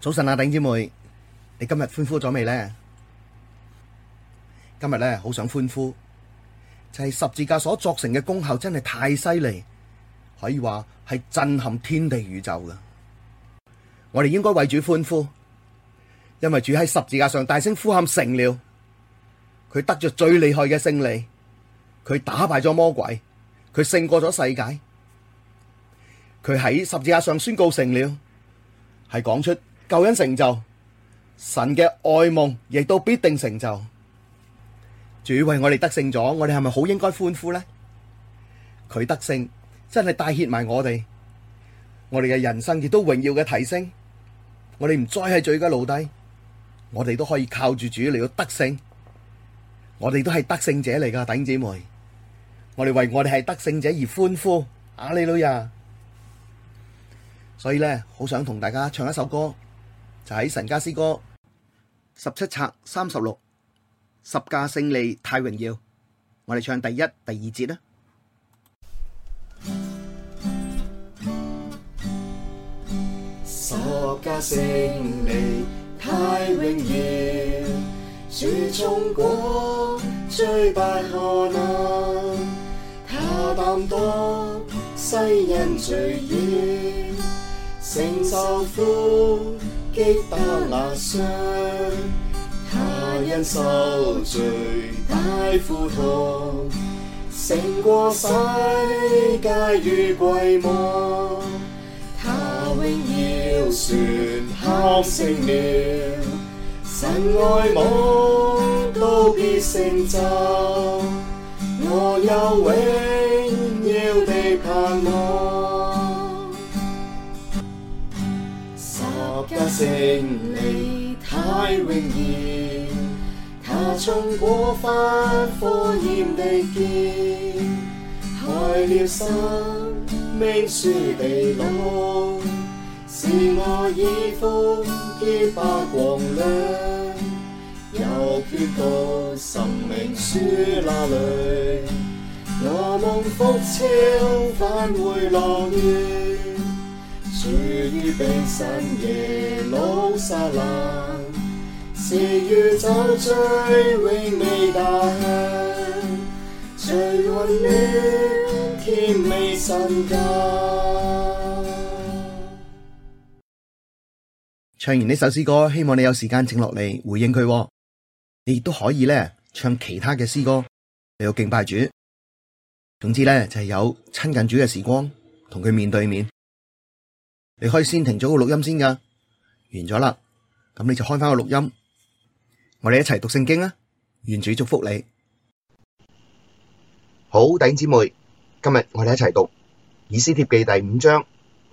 早晨啊，頂姐妹，你今日歡呼咗未呢？今日呢，好想歡呼，就係十字架所作成嘅功效真係太犀利，可以話係震撼天地宇宙嘅。我哋應該為主歡呼，因為主喺十字架上大聲呼喊成了，佢得着最厲害嘅勝利，佢打敗咗魔鬼，佢勝過咗世界，佢喺十字架上宣告成了，係講出。救恩成就，神嘅愛夢亦都必定成就。主為我哋得勝咗，我哋係咪好應該歡呼呢？佢得勝，真係帶挈埋我哋，我哋嘅人生亦都榮耀嘅提升。我哋唔再係罪嘅奴隸，我哋都可以靠住主嚟到得勝。我哋都係得勝者嚟噶，弟兄姊妹，我哋為我哋係得勝者而歡呼啊！哈利路亞！所以咧，好想同大家唱一首歌。睇神家詩歌十七冊三十六，十架勝利太榮耀，我哋唱第一、第二節啦。十架勝利太榮耀，主衝過最不可能，他擔當世人罪孽，承受苦。擊打壓傷，他忍受最大苦痛，勝過世界與鬼魔。他榮耀宣喊成了，神愛夢，都必成就。我有榮耀的盼望。勝利太榮耀，他衝過發火焰的劍，開了生命樹的路，使我衣服潔白、光亮，有權到生命樹那裡，我蒙福超返回樂園。主預備新耶路撒冷，是宇宙最榮美家鄉，最溫暖甜美神家。唱完呢首詩歌，希望你有時間靜落嚟回應佢。你亦都可以咧唱其他嘅詩歌嚟到敬拜主。總之咧就係、是、有親近主嘅時光，同佢面對面。你可以先停咗個錄音先噶，完咗啦，咁你就開返個錄音，我哋一齊讀聖經啊！願主祝福你，好，弟兄姊妹，今日我哋一齊讀以斯帖記第五章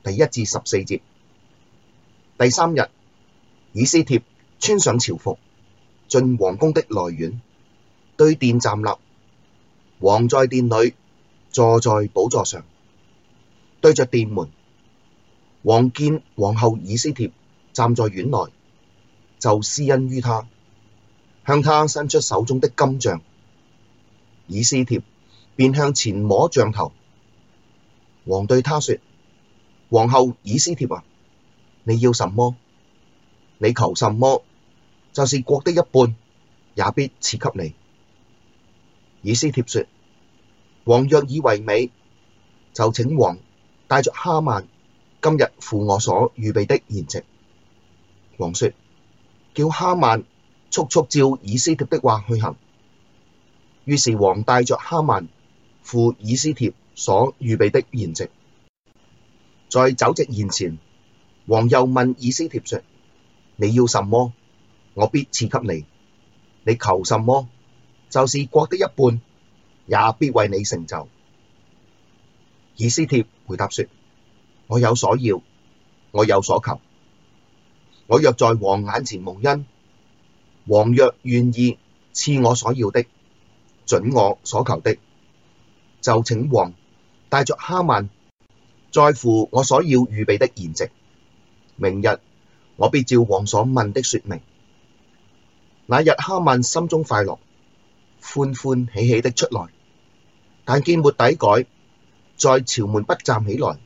第一至十四節。第三日，以斯帖穿上朝服，進王宮的內院，對殿站立。王在殿裡坐在寶座上，對着殿門。王見王后以斯帖站在院內，就施恩於他，向他伸出手中的金杖。以斯帖便向前摸杖頭，王對他說：王后以斯帖啊，你要什麼？你求什麼？就是國的一半，也必賜給你。以斯帖說：王若以為美，就請王帶着哈曼。今日赴我所預備的筵席。王說：叫哈曼速速照以斯帖的話去行。於是王帶着哈曼赴以斯帖所預備的筵席。在酒席筵前，王又問以斯帖說：你要什麼，我必賜給你；你求什麼，就是國的一半，也必為你成就。以斯帖回答說：我有所要，我有所求。我若在王眼前蒙恩，王若願意賜我所要的，准我所求的，就請王帶着哈曼再赴我所要預備的筵席。明日我必照王所問的說明。那日哈曼心中快樂，歡歡喜喜的出來，但見末底改在朝門不站起來。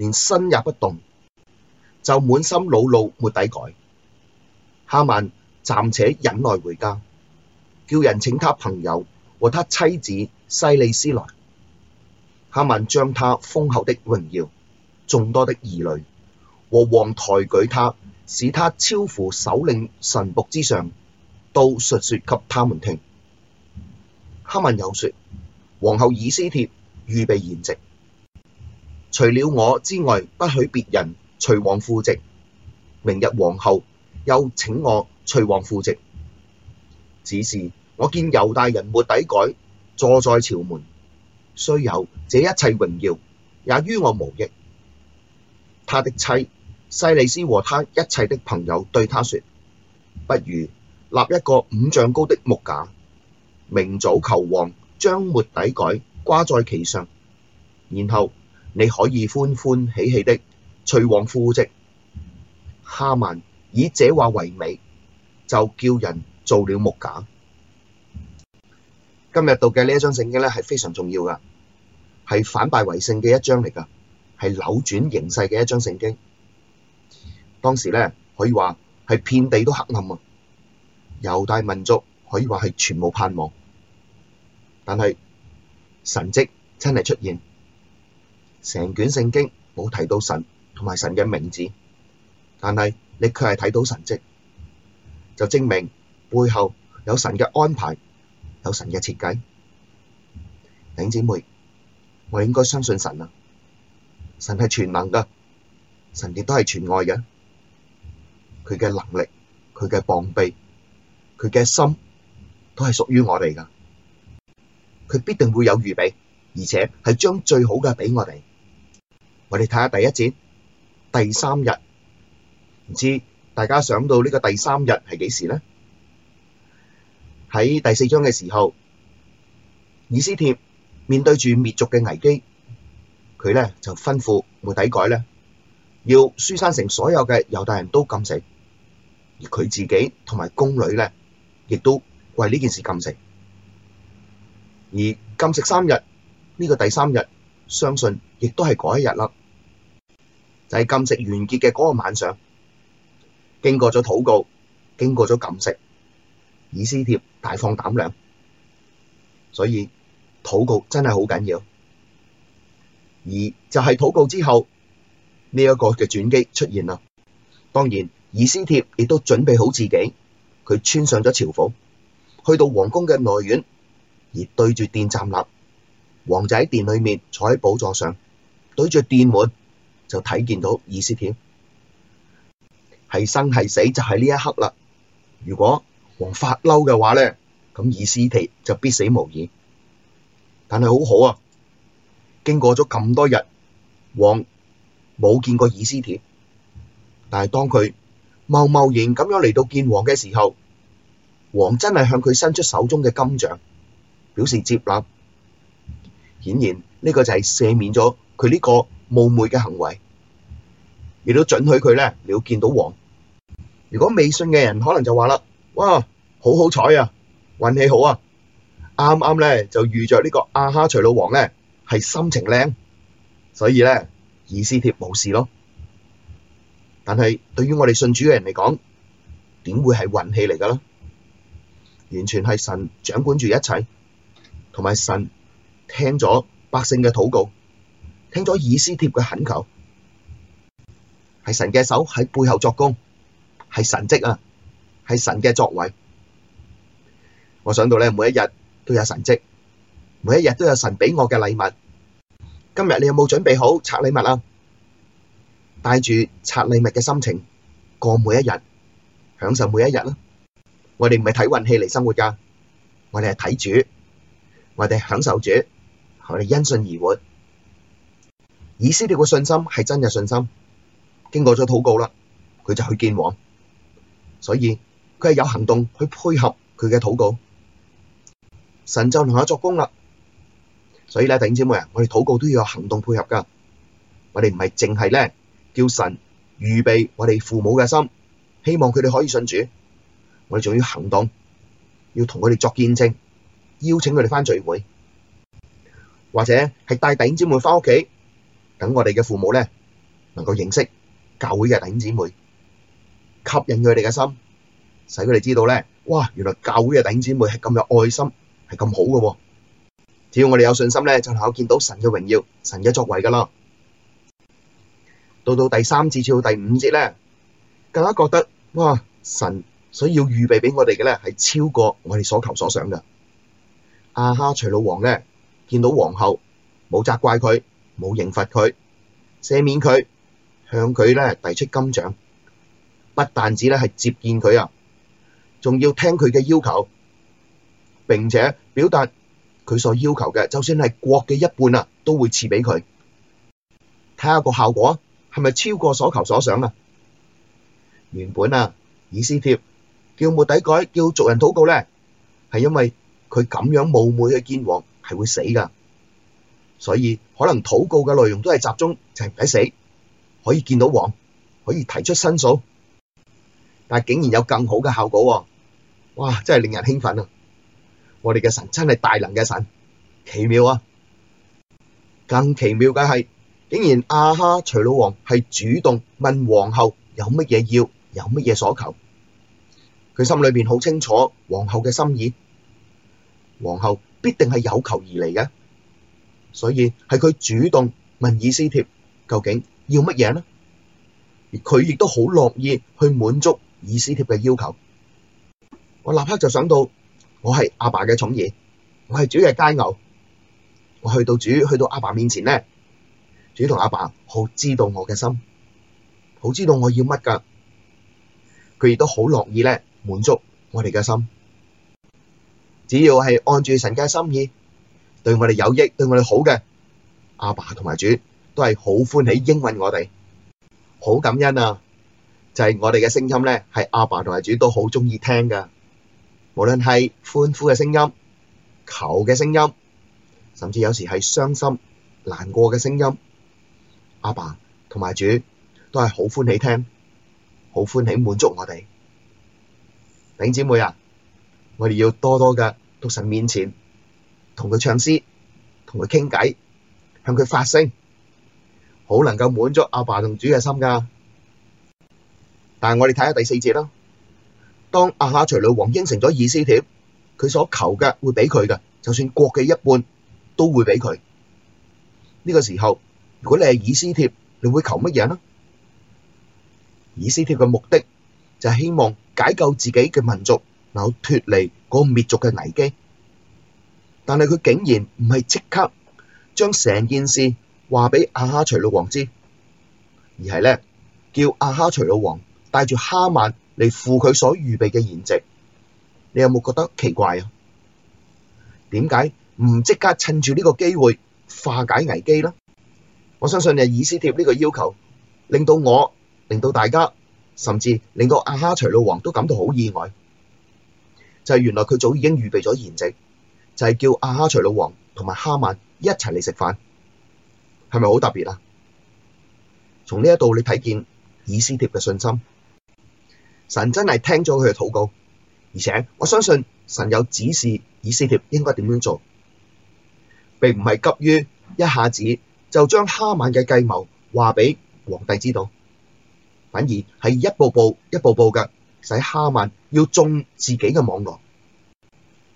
連身也不動，就滿心惱怒，末底改。哈曼暫且忍耐回家，叫人請他朋友和他妻子細利斯來。哈曼將他豐厚的榮耀、眾多的兒女和王擡舉他，使他超乎首領臣僕之上，都述說給他們聽。哈曼又說，王后以斯帖預備筵席，除了我之外，不許別人隨王赴席。明日王后又請我隨王赴席，只是我見猶大人末底改坐在朝門，雖有這一切榮耀，也於我無益。他的妻細利斯和他一切的朋友對他說：不如立一個五丈高的木架，明早求王將末底改掛在其上，然後，你可以歡歡喜喜的隨王赴席。哈曼以這話為美，就叫人做了木架。今日讀嘅呢一章聖經呢，係非常重要㗎，係反敗為勝嘅一章嚟㗎，係扭轉形勢嘅一章聖經。當時呢，可以話係遍地都黑暗啊，猶太民族可以話係全無盼望，但係神跡真係出現。成卷聖經冇提到神同埋神嘅名字，但係你卻係睇到神跡，就證明背後有神嘅安排，有神嘅設計。頂姊妹，我應該相信神啊！神係全能噶，神亦都係全愛嘅。佢嘅能力，佢嘅膀臂，佢嘅心，都係屬於我哋噶。佢必定會有預備，而且係將最好嘅畀我哋。我哋睇下第一節，第三日，唔知大家想到呢個第三日係幾時咧？喺第四章嘅時候，以斯帖面對住滅族嘅危機，佢咧就吩咐末底改咧，要書珊城所有嘅猶太人都禁食，而佢自己同埋宮女咧，亦都為呢件事禁食。而禁食三日，呢個第三日，相信亦都係嗰一日啦。就係禁食完結嘅嗰個晚上，經過咗禱告，經過咗禁食，以斯帖大放膽量，所以禱告真係好緊要。而就係禱告之後，呢一個嘅轉機出現啦。當然，以斯帖亦都準備好自己，佢穿上咗朝服，去到王宮嘅內院，而對住殿站立。王仔喺殿裏面坐喺寶座上，對住殿門。就睇見到以斯帖係生係死就喺呢一刻啦。如果王發嬲嘅話咧，咁以斯帖就必死無疑。但係好好啊，經過咗咁多日，王冇見過以斯帖，但係當佢貿貿然咁樣嚟到見王嘅時候，王真係向佢伸出手中嘅金杖，表示接納。顯然呢個就係赦免咗佢呢個冒昧嘅行為，亦都准許佢咧。你要見到王。如果未信嘅人，可能就話啦，哇，好好彩啊，運氣好啊，啱啱咧就遇着呢個亞哈隨魯王咧，係心情靚。所以咧，以斯帖冇事咯。但係對於我哋信主嘅人嚟講，點會係運氣嚟㗎咧？完全係神掌管住一切，同埋神聽咗百姓嘅禱告。聽咗以斯帖嘅懇求，係神嘅手喺背後作工，係神蹟啊，係神嘅作為。我想到咧，每一日都有神蹟，每一日都有神俾我嘅禮物。今日你有冇準備好拆禮物啊？帶住拆禮物嘅心情過每一日，享受每一日啦。我哋唔係睇運氣嚟生活噶，我哋係睇主，我哋享受主，我哋因信而活。以斯帖嘅信心係真嘅信心，經過咗禱告啦，佢就去見王，所以佢係有行動去配合佢嘅禱告，神就同佢作工啦。所以咧，弟兄姊妹啊，我哋禱告都要有行動配合噶，我哋唔係淨係咧叫神預備我哋父母嘅心，希望佢哋可以信主，我哋仲要行動，要同佢哋作見證，邀請佢哋翻聚會，或者係帶弟兄姊妹翻屋企。等我哋嘅父母咧，能夠認識教會嘅弟兄姊妹，吸引佢哋嘅心，使佢哋知道咧，哇，原來教會嘅弟兄姊妹係咁有愛心，係咁好嘅。只要我哋有信心咧，就能夠見到神嘅榮耀、神嘅作為噶啦。到到第三節至到第五節咧，更加覺得哇，神所以要預備俾我哋嘅咧，係超過我哋所求所想嘅。亞哈隨魯王咧，見到皇后冇責怪佢，冇刑罰佢，赦免佢，向佢咧提出金杖，不但止咧係接見佢啊，仲要聽佢嘅要求，並且表達佢所要求嘅，就算係國嘅一半啊，都會賜俾佢。睇下個效果係咪超過所求所想啊？原本啊，以斯帖叫末底改叫族人禱告咧，係因為佢咁樣冒昧去見王係會死噶。所以可能禱告嘅內容都係集中，就係唔使死，可以見到王，可以提出申訴。但係竟然有更好嘅效果喎，哇！真係令人興奮啊！我哋嘅神真係大能嘅神，奇妙啊！更奇妙嘅係，竟然亞哈隨魯王係主動問皇后有乜嘢要，有乜嘢所求。佢心裏邊好清楚皇后嘅心意，皇后必定係有求而嚟嘅。所以係佢主動問以斯帖，究竟要乜嘢呢？而佢亦都好樂意去滿足以斯帖嘅要求。我立刻就想到我，我係阿爸嘅寵兒，我係主嘅佳偶。我去到主，去到阿爸面前呢，主同阿爸好知道我嘅心，好知道我要乜㗎。佢亦都好樂意咧滿足我哋嘅心，只要係按住神嘅心意。對我哋有益，對我哋好嘅，阿爸同埋主都係好歡喜應允我哋，好感恩啊！就係、是、我哋嘅聲音咧，係阿爸同埋主都好鍾意聽㗎。無論係歡呼嘅聲音、求嘅聲音，甚至有時係傷心難過嘅聲音，阿爸同埋主都係好歡喜聽，好歡喜滿足我哋。頂姐妹啊，我哋要多多嘅到神面前。同佢唱詩，同佢傾偈，向佢發聲，好能夠滿足阿爸同主嘅心噶。但係我哋睇下第四節啦。當亞哈隨魯王應承咗以斯帖，佢所求嘅會俾佢噶，就算國嘅一半都會俾佢。呢個時候，如果你係以斯帖，你會求乜嘢呢？以斯帖嘅目的就係希望解救自己嘅民族，然後脫離嗰個滅族嘅危機。但係佢竟然唔係即刻將成件事話畀阿哈隨魯王知，而係咧叫阿哈隨魯王帶住哈曼嚟赴佢所預備嘅筵席。你有冇覺得奇怪啊？點解唔即刻趁住呢個機會化解危機咧？我相信你以斯帖呢個要求，令到我、令到大家，甚至令到阿哈隨魯王都感到好意外。就係、是、原來佢早已經預備咗筵席。就係叫亞哈隨魯王同埋哈曼一齊嚟食飯，係咪好特別啊？從呢一度你睇見以斯帖嘅信心，神真係聽咗佢嘅禱告，而且我相信神有指示以斯帖應該點樣做，並唔係急於一下子就將哈曼嘅計謀話畀皇帝知道，反而係一步步、一步步嘅使哈曼要中自己嘅網羅。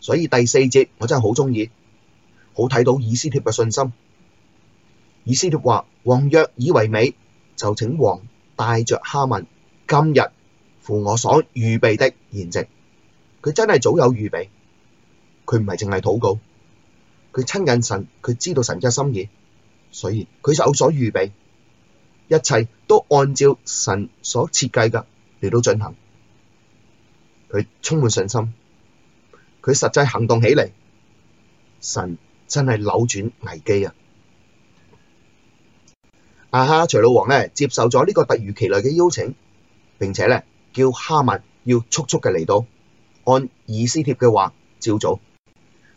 所以第四節我真係好鍾意，好睇到以斯帖嘅信心。以斯帖話：王若以為美，就請王帶着哈曼今日赴我所預備的筵席。佢真係早有預備，佢唔係淨係禱告，佢親近神，佢知道神嘅心意，所以佢有所預備，一切都按照神所設計嘅嚟到進行，佢充滿信心。佢實際行動起嚟，神真係扭轉危機啊！亞哈隨魯王咧接受咗呢個突如其來嘅邀請，並且呢叫哈曼要速速嘅嚟到，按以斯帖嘅話，照做。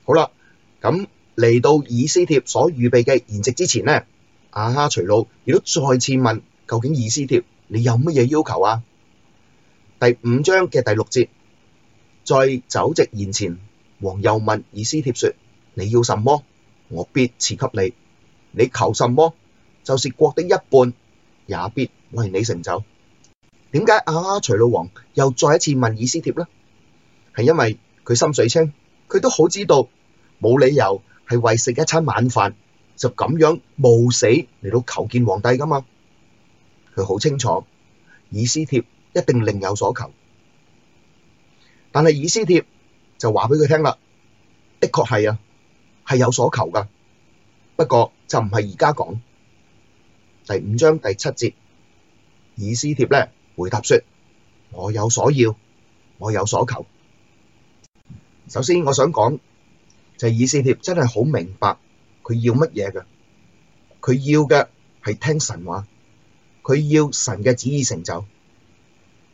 好啦，咁、嗯、嚟到以斯帖所預備嘅筵席之前呢，亞哈隨魯亦都再次問：究竟以斯帖你有乜嘢要求啊？第五章嘅第六節。在酒席筵前，王又問以斯帖說：你要什麼，我必賜給你；你求什麼，就是國的一半，也必為你成就。點解啊，徐老王又再一次問以斯帖呢？係因為佢心水清，佢都好知道冇理由係為食一餐晚飯就咁樣冒死嚟到求見皇帝噶嘛。佢好清楚，以斯帖一定另有所求。但係以斯帖就話俾佢聽啦，的確係啊，係有所求噶，不過就唔係而家講第五章第七節，以斯帖咧回答說：我有所要，我有所求。首先我想講就係、是、以斯帖真係好明白佢要乜嘢噶，佢要嘅係聽神話，佢要神嘅旨意成就，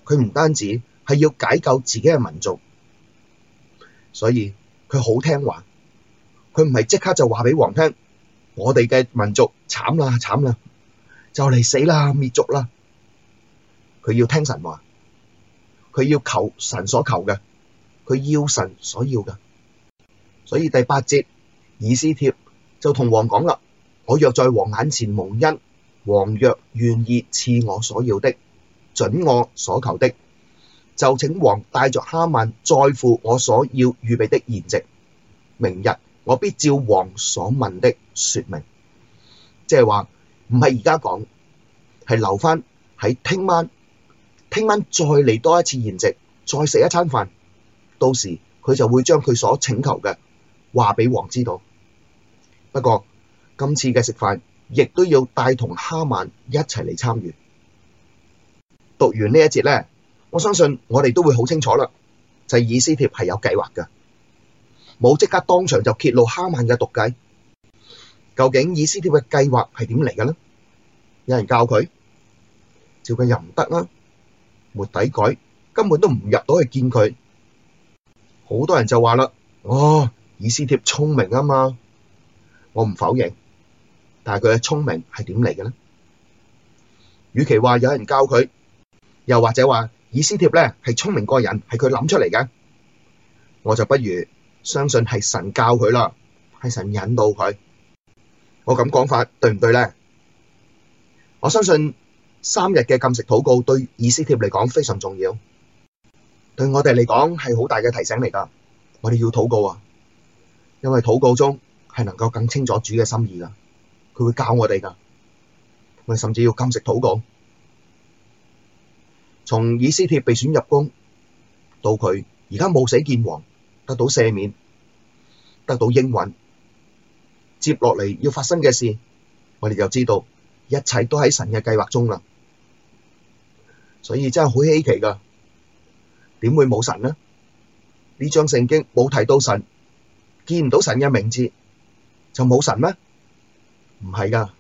佢唔單止。係要解救自己嘅民族，所以佢好聽話，佢唔係即刻就話畀王聽，我哋嘅民族慘啦慘啦，就嚟死啦滅族啦。佢要聽神話，佢要求神所求嘅，佢要神所要嘅，所以第八節以斯帖就同王講啦：我若在王眼前蒙恩，王若願意賜我所要的，准我所求的。就請王帶着哈曼再赴我所要預備的筵席，明日我必照王所問的説明，即係話唔係而家講，係留返喺聽晚，聽晚再嚟多一次筵席，再食一餐飯，到時佢就會將佢所請求嘅話俾王知道。不過今次嘅食飯亦都要帶同哈曼一齊嚟參與。讀完呢一節呢。我相信我哋都會好清楚啦，就係以斯帖係有計劃嘅，冇即刻當場就揭露哈曼嘅毒計。究竟以斯帖嘅計劃係點嚟嘅咧？有人教佢，照佢又唔得啦，末底改，根本都唔入到去見佢。好多人就話啦，哦，以斯帖聰明啊嘛，我唔否認，但係佢嘅聰明係點嚟嘅咧？與其話有人教佢，又或者話。以斯帖咧，係聰明過人，係佢諗出嚟嘅。我就不如相信係神教佢啦，係神引導佢。我咁講法對唔對咧？我相信三日嘅禁食禱告對以斯帖嚟講非常重要，對我哋嚟講係好大嘅提醒嚟噶。我哋要禱告啊，因為禱告中係能夠更清楚主嘅心意噶，佢會教我哋噶，我哋甚至要禁食禱告。從以斯帖被選入宮，到佢而家冒死見王，得到赦免，得到應允，接落嚟，要發生嘅事，我哋就知道一切都喺神嘅計劃中啦。所以真係好稀奇噶，點會冇神呢？呢張聖經冇提到神，見唔到神嘅名字就冇神咩？唔係噶，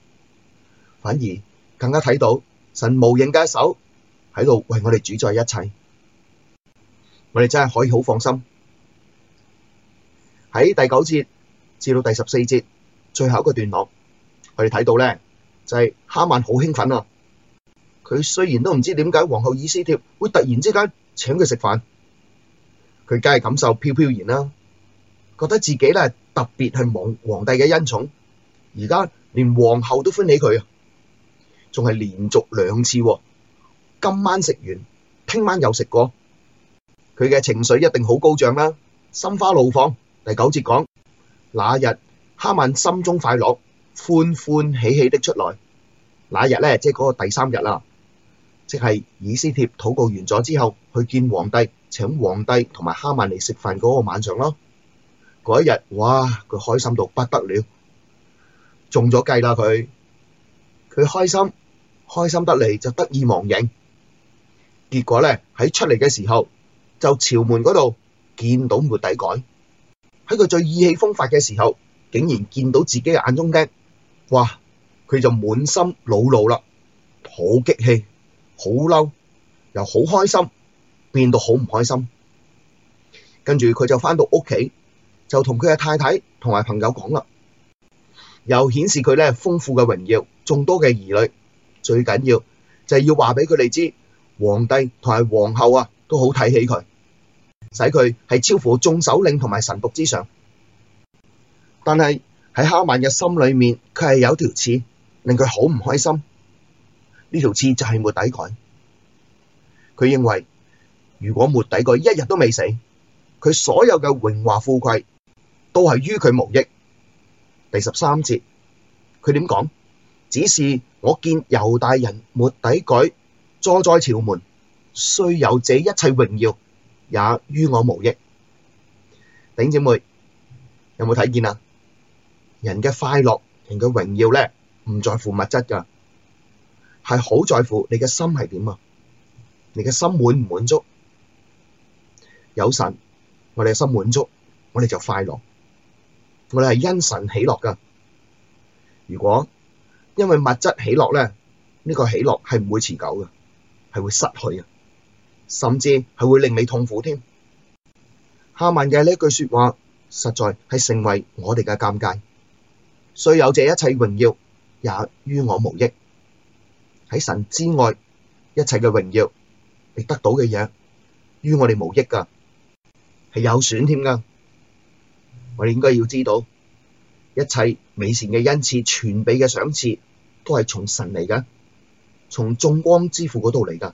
反而更加睇到神無形嘅一手。喺度為我哋主宰一切，我哋真係可以好放心。喺第九節至到第十四節最後一個段落，我哋睇到咧就係哈曼好興奮啊！佢雖然都唔知點解皇后以斯帖會突然之間請佢食飯，佢梗係感受飄飄然啦，啊，覺得自己咧特別係皇皇帝嘅恩寵，而家連皇后都歡喜佢啊，仲係連續兩次，啊。今晚食完，聽晚又食過，佢嘅情緒一定好高漲啦，心花怒放。第九節講，那日哈曼心中快樂，歡歡喜喜的出來。那日呢，就是那日咧，即係嗰個第三日啦，即係以斯帖禱告完咗之後去見皇帝，請皇帝同埋哈曼嚟食飯嗰個晚上咯。嗰一日，哇，佢開心到不得了，中咗計啦！佢佢開心開心得嚟就得意忘形。結果咧，喺出嚟嘅時候，就朝門嗰度見到末底改，喺佢最意氣風發嘅時候，竟然見到自己嘅眼中釘，哇！佢就滿心惱怒啦，好激氣，好嬲，又好開心，變到好唔開心。跟住佢就翻到屋企，就同佢嘅太太同埋朋友講啦，又顯示佢咧豐富嘅榮耀，眾多嘅兒女，最緊要就係要話俾佢哋知。皇帝同埋皇后啊，都好睇起佢，使佢係超乎眾首領同埋臣僕之上。但係喺哈曼嘅心裏面，佢係有條刺，令佢好唔開心。呢條刺就係末底改。佢認為如果末底改一日都未死，佢所有嘅榮華富貴都係於佢無益。第十三節，佢點講？只是我見猶大人末底改，坐在朝門，雖有這一切榮耀，也於我無益。頂姐妹有冇睇見啊？人嘅快樂，人嘅榮耀咧，唔在乎物質噶，係好在乎你嘅心係點啊。你嘅心滿唔滿足？有神，我哋嘅心滿足，我哋就快樂。我哋係因神喜樂噶。如果因為物質喜樂咧，呢、這個喜樂係唔會持久噶。係會失去嘅，甚至係會令你痛苦添。夏曼哈曼嘅呢句說話，實在係成為我哋嘅鑒戒。「雖有這一切榮耀，也於我無益。喺神之外，一切嘅榮耀，你得到嘅嘢，於我哋無益噶，係有損添噶。我哋應該要知道，一切美善嘅恩賜，全備嘅賞賜，都係從神嚟噶。從眾光之父嗰度嚟噶，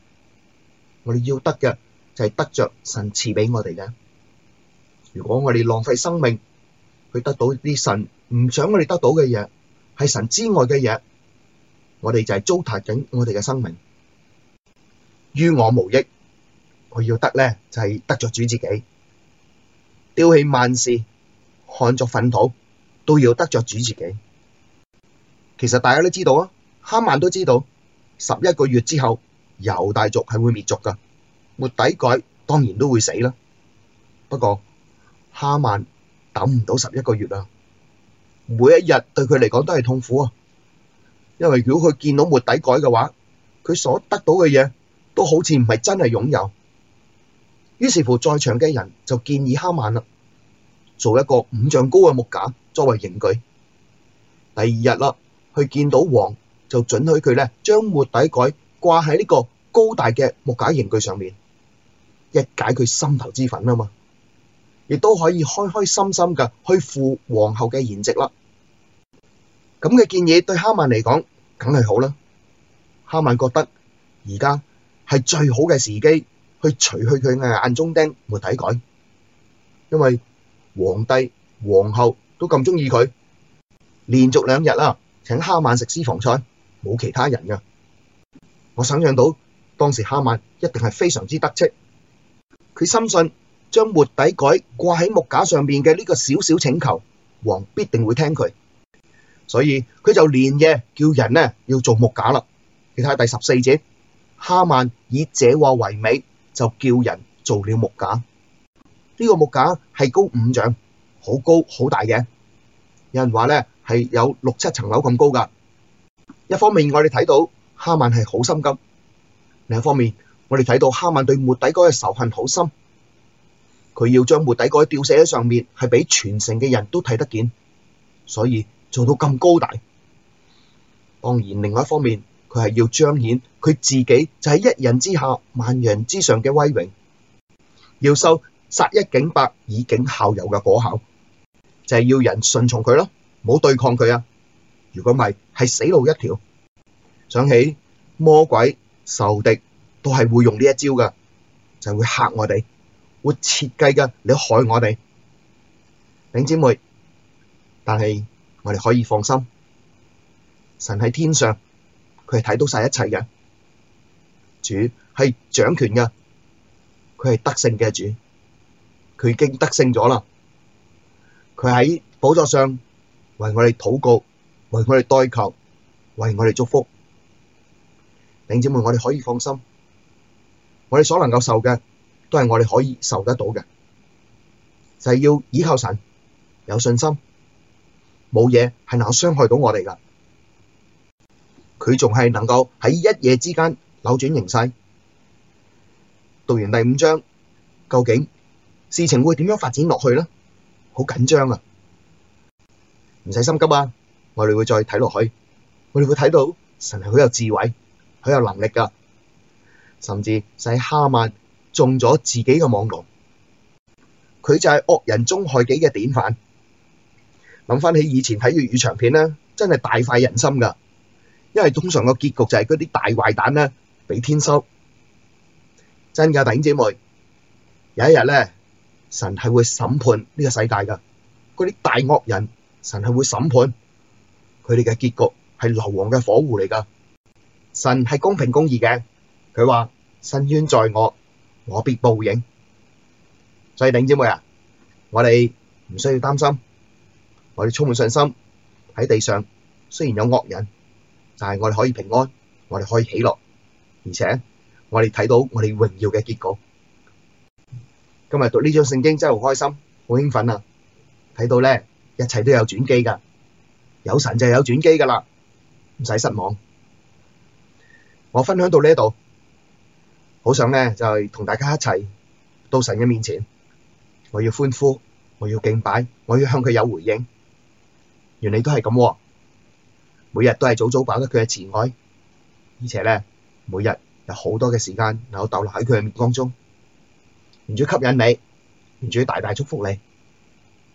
我哋要得嘅就係得着神賜俾我哋嘅。如果我哋浪費生命去得到啲神唔想我哋得到嘅嘢，係神之外嘅嘢，我哋就係糟蹋緊我哋嘅生命，於我無益。我要得咧就係得着主自己，丟棄萬事，看作糞土，都要得着主自己。其實大家都知道啊，哈曼都知道。十一個月之後，猶大族係會滅族噶，末底改當然都會死啦。不過哈曼等唔到十一個月啦，每一日對佢嚟講都係痛苦啊，因為如果佢見到末底改嘅話，佢所得到嘅嘢都好似唔係真係擁有。於是乎，在場嘅人就建議哈曼啦，做一個五丈高嘅木架作為刑具。第二日啦，啊，去見到王。就準許佢咧，將末底改掛喺呢個高大嘅木架刑具上面。冇其他人噶，我想象到當時哈曼一定係非常之得戚，佢深信將末底改掛喺木架上面嘅呢個小小請求，王必定會聽佢，所以佢就連夜叫人呢要做木架啦。你睇下第十四節，哈曼以這話為美，就叫人做了木架。呢個木架係高五丈，好高好大嘅，有人話咧係有六七層樓咁高噶。一方面我哋睇到哈曼係好心急；另一方面我哋睇到哈曼對末底改嘅仇恨好深，佢要將末底改吊死喺上面，係俾全城嘅人都睇得見，所以做到咁高大。當然，另外一方面佢係要彰顯佢自己就係一人之下萬人之上嘅威榮，要收殺一儆百以儆效尤嘅果效，就係、是、要人順從佢咯，冇對抗佢啊！如果唔係，係死路一條。想起魔鬼仇敵都係會用呢一招嘅，就會吓我哋，會設計嘅，嚟害我哋，頂姊妹。但係我哋可以放心，神喺天上，佢係睇到晒一切嘅，主係掌權嘅，佢係得勝嘅主，佢已經得勝咗啦。佢喺寶座上為我哋禱告。為我哋代求，為我哋祝福，弟兄姊妹，我哋可以放心，我哋所能夠受嘅，都係我哋可以受得到嘅，就係要倚靠神，有信心，冇嘢係能夠傷害到我哋噶，佢仲係能夠喺一夜之間扭轉形勢。讀完第五章，究竟事情會點樣發展落去咧？好緊張啊！唔使心急啊！我哋會再睇落去，我哋會睇到神係好有智慧、好有能力噶，甚至使哈曼中咗自己嘅網羅。佢就係惡人中害己嘅典範。諗翻起以前睇粵語長片咧，真係大快人心噶，因為通常個結局就係嗰啲大壞蛋咧俾天收。真噶，弟兄姐妹有一日咧，神係會審判呢個世界噶，嗰啲大惡人，神係會審判。佢哋嘅結局係硫磺嘅火湖嚟噶，神係公平公義嘅。佢話，伸冤在我，我必報應。所以，弟兄姊妹啊，我哋唔需要擔心，我哋充滿信心喺地上。雖然有惡人，但係我哋可以平安，我哋可以喜樂，而且我哋睇到我哋榮耀嘅結局。今日讀呢章聖經真係好開心，好興奮啊！睇到咧，一切都有轉機噶。有神就有轉機噶啦，唔使失望。我分享到呢度，好想咧就係、是、同大家一齊到神嘅面前，我要歡呼，我要敬拜，我要向佢有回應。願你都係咁、啊，每日都係早早把握佢嘅慈愛，而且咧每日有好多嘅時間能夠逗留喺佢嘅面光中，願主吸引你，願主大大祝福你。